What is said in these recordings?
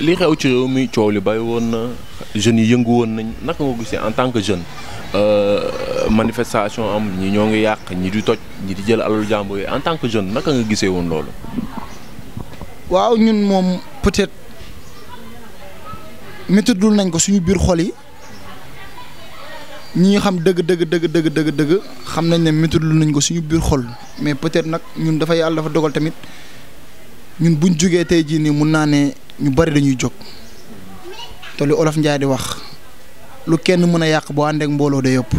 li xew ci réew mi coow li bàyyi woon na jeunes yi yëngu woon nañ naka nga gisee en tant que jeune euh, manifestation am ñi ñoo ngi yàq ñi di toj ñi di jël alalu jàmbur yi en tant que jeune naka nga gisee woon loolu. waaw ñun moom peut-être méttiwul nañ ko suñu biir xol yi ñi xam dëgg dëgg dëgg dëgg dëgg dëgg xam nañ ne méttiwul nañ ko suñu biir xol mais peut-être nag ñun dafa yàlla dafa dogal tamit ñun buñ jugee tey jii nii mun naa ne. ñu bari dañuy jóg te lu olof njaay di wax lu kenn mën a yàq boo àndeek mbooloo de yëpp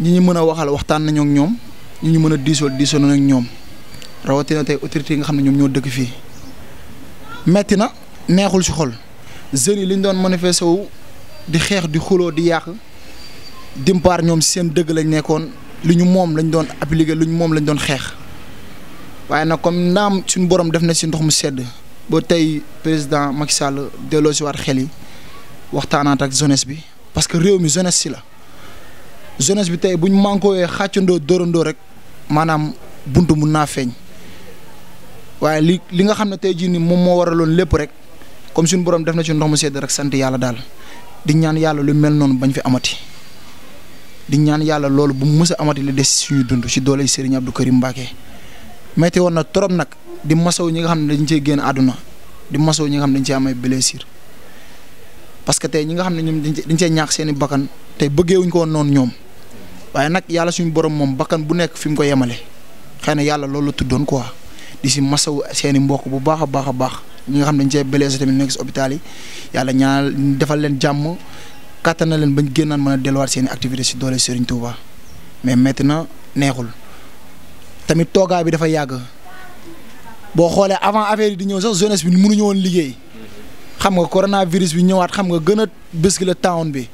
ñi ñu mën a waxal waxtaan nañook ñoom ñi ñu mën a diisool diisoo nañu ak ñoom rawatina tey autorité yi nga xam ne ñoom ñoo dëgg fii metti na neexul ci xol jeunes yi li ñu doon manifesté di xeex di xuloo di yàq dimpaar ñoom seen dëgg lañ nekkoon li ñu moom lañ doon appliqué lu ñu moom lañ doon xeex waaye nag comme naam suñu borom def na si ndox mu sedd ba tey président Macky Sall delloo si waat xel yi waxtaanaat ak jeunesse bi parce que réew mi jeunesse si la jeunesse bi tey buñ mànkoowee xàccandoo dóorandoo rek maanaam bunt mun naa feeñ waaye li li nga xam ne tey jii ni moom moo waraloon lépp rek comme suñu borom def na ci ndox mu sedd rek sant yàlla daal di ñaan yàlla lu mel noonu bañ fi amati di ñaan yàlla loolu bu mu mës a amati li des dund ci dooley Serigne Abdou Karim Mbacké metti woon na trop nag di masaw ñi nga xam ne dañ cee génn àdduna di masaw ñi nga xam ne dañ cee am ay blessure parce que tey ñi nga xam ne ñoom dañ cee ñaax seen i bakkan tey bëggeewuñ ko woon noonu ñoom waaye nag yàlla suñu borom moom bakkan bu nekk fi mu ko yemale xëy na yàlla loolu la tuddoon quoi di si masaw seen i mbokk bu baax a baax a baax ñi nga xam ne dañ cee blessé tamit nekk si hôpital yi yàlla ñaanal defal leen jàmm kàttan na leen bañ génnaan mën a delluwaat seen activité si doole Serigne Touba mais metti na neexul. tamit toogaay bi dafa yàgg boo xoolee avant affaire yi di ñëw sax jeunesse bi mënuñu woon liggéey xam nga coronavirus bi ñëwaat xam nga gën a bés la bi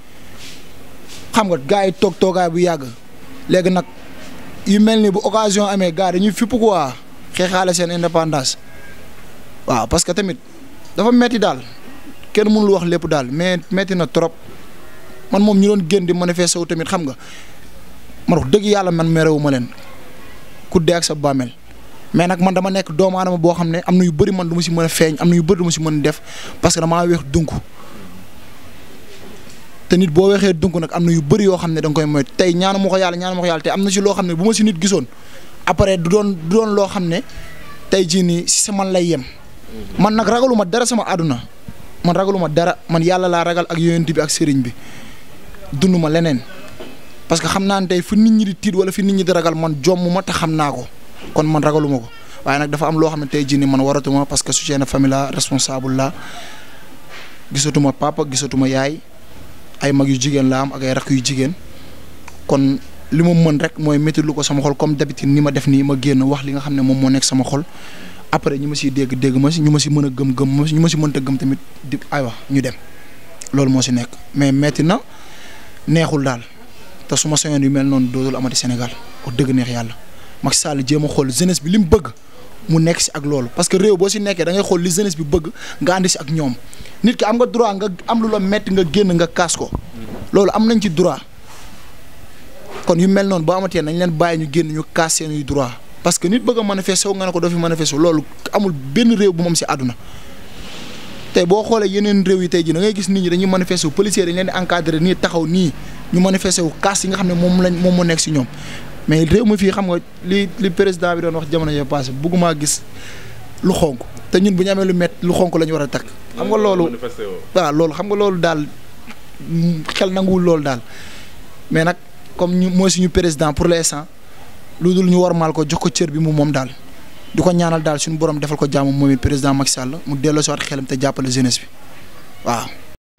xam nga gars yi toog toogaay bu yàgg léegi nag yu mel ni bu occasion amee gars dañuy ko quoi xeexaale seen indépendance waaw parce que tamit dafa metti daal kenn mënul wax lépp daal mais metti na trop man moom ñu doon génn di manifester tamit xam nga man wax dëgg yàlla man merewu ma ku dee ak sa bàmmeel mais nag man dama nekk doomu boo xam ne am na yu bëri man du ma si mën a feeñ am na yu bëri du ma si mën def parce que damaa weex dunk te nit boo weexee dunk nag am na yu bëri yoo xam ne da koy moytu tey ñaanu ma ko yàlla ñaanu ma ko yàlla te am na si loo xam ne bu ma si nit gisoon après du doon du loo xam ne tey jii nii si sa man lay yem. man nag ragaluma dara sama àdduna man ragaluma dara man yàlla laa ragal ak yonent bi ak sëriñ bi dund ma leneen. parce que xam naa ne tey fi nit ñi di tiit wala fi nit ñi di ragal man jomm ma te xam naa ko kon man ragaluma ko waaye nag dafa am loo xam ne tey jii nii man waratuma parce que soutien de famille la responsable la gisatuma papa gisatuma yaay ay mag yu jigéen la am ak ay rakk yu jigéen kon li ma mën rek mooy métti ko sama xol comme d'habitude ni ma def nii ma génn wax li nga xam ne moom moo nekk sama xol après ñi ma siy dégg dégg ma si ñu ma si mën a gëm gëm ma ñu ma si mën a gëm tamit di aywa ñu dem loolu moo si nekk mais metti na neexul daal. te su ma sañoon yu mel noonu dootul amati Sénégal wax dëgg neex yàlla Macky Sall jéem a xool jeunesse bi li mu bëgg mu nekk si ak loolu parce que réew boo si nekkee da ngay li jeunesse bi bëgg nga àndi si ak ñoom nit ki am nga droit nga am lu la metti nga génn nga kaas loolu am nañ ci droit kon yu mel noonu boo nañ leen bàyyi ñu génn ñu kaas seen droit parce que nit bëgg a manifester nga ne ko doo fi manifester loolu amul benn réew bu moom si àdduna te boo xoolee yeneen réew yi tey ji da gis nit ñi dañuy manifester policier dañ leen di taxaw nii ñu manifesté wu kaas yi nga xam ne moom lañ moom moo nekk si ñoom mais réew mi fii xam nga li li président bi doon wax jamono yee passé bëgguma gis lu xonk te ñun bu ñu amee lu métti lu xonk la ñu war a takk. xam nga loolu waaw loolu xam nga loolu daal xel nanguwul loolu daal mais nag comme ñu mooy suñu président pour l'instant lu dul ñu war maal ko jox ko cër bi mu moom daal. du ko ñaanal daal suñu borom defal ko jàmm moom it président Macky Sall mu delloo si waat te jàppale jeunesse waaw.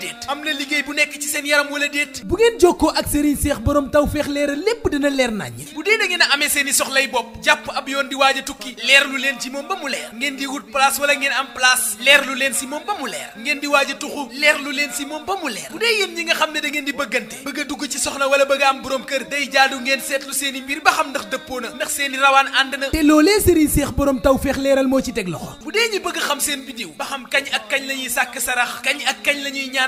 déet am na liggéey bu nekk ci seen yaram wala déet bu ngeen jokkoo ak Serigne Seex borom tawfeex leeral lépp dina leer naññ bu dee da ngeen a amee seen i soxlay bopp jàpp ab yoon di waaj tukki leerlu leen ci moom ba mu leer ngeen di wut place wala ngeen am place leerlu leen si moom ba mu leer ngeen di waaja a tuxu leerlu leen si moom ba mu leer bu dee yéen ñi nga xam ne da ngeen di bëggante bëgg a dugg ci soxna wala bëgg a am borom kër day jaad ngeen seetlu seen mbir ba xam ndax dëppoo na ndax seen i rawaan ànd na te loolee Serigne Seex borom tawfeex leeral moo ci teg loxo bu seen bidiw ba xam kañ ak kañ lañuy sàkk sarax kañ ak kañ lañuy ñaan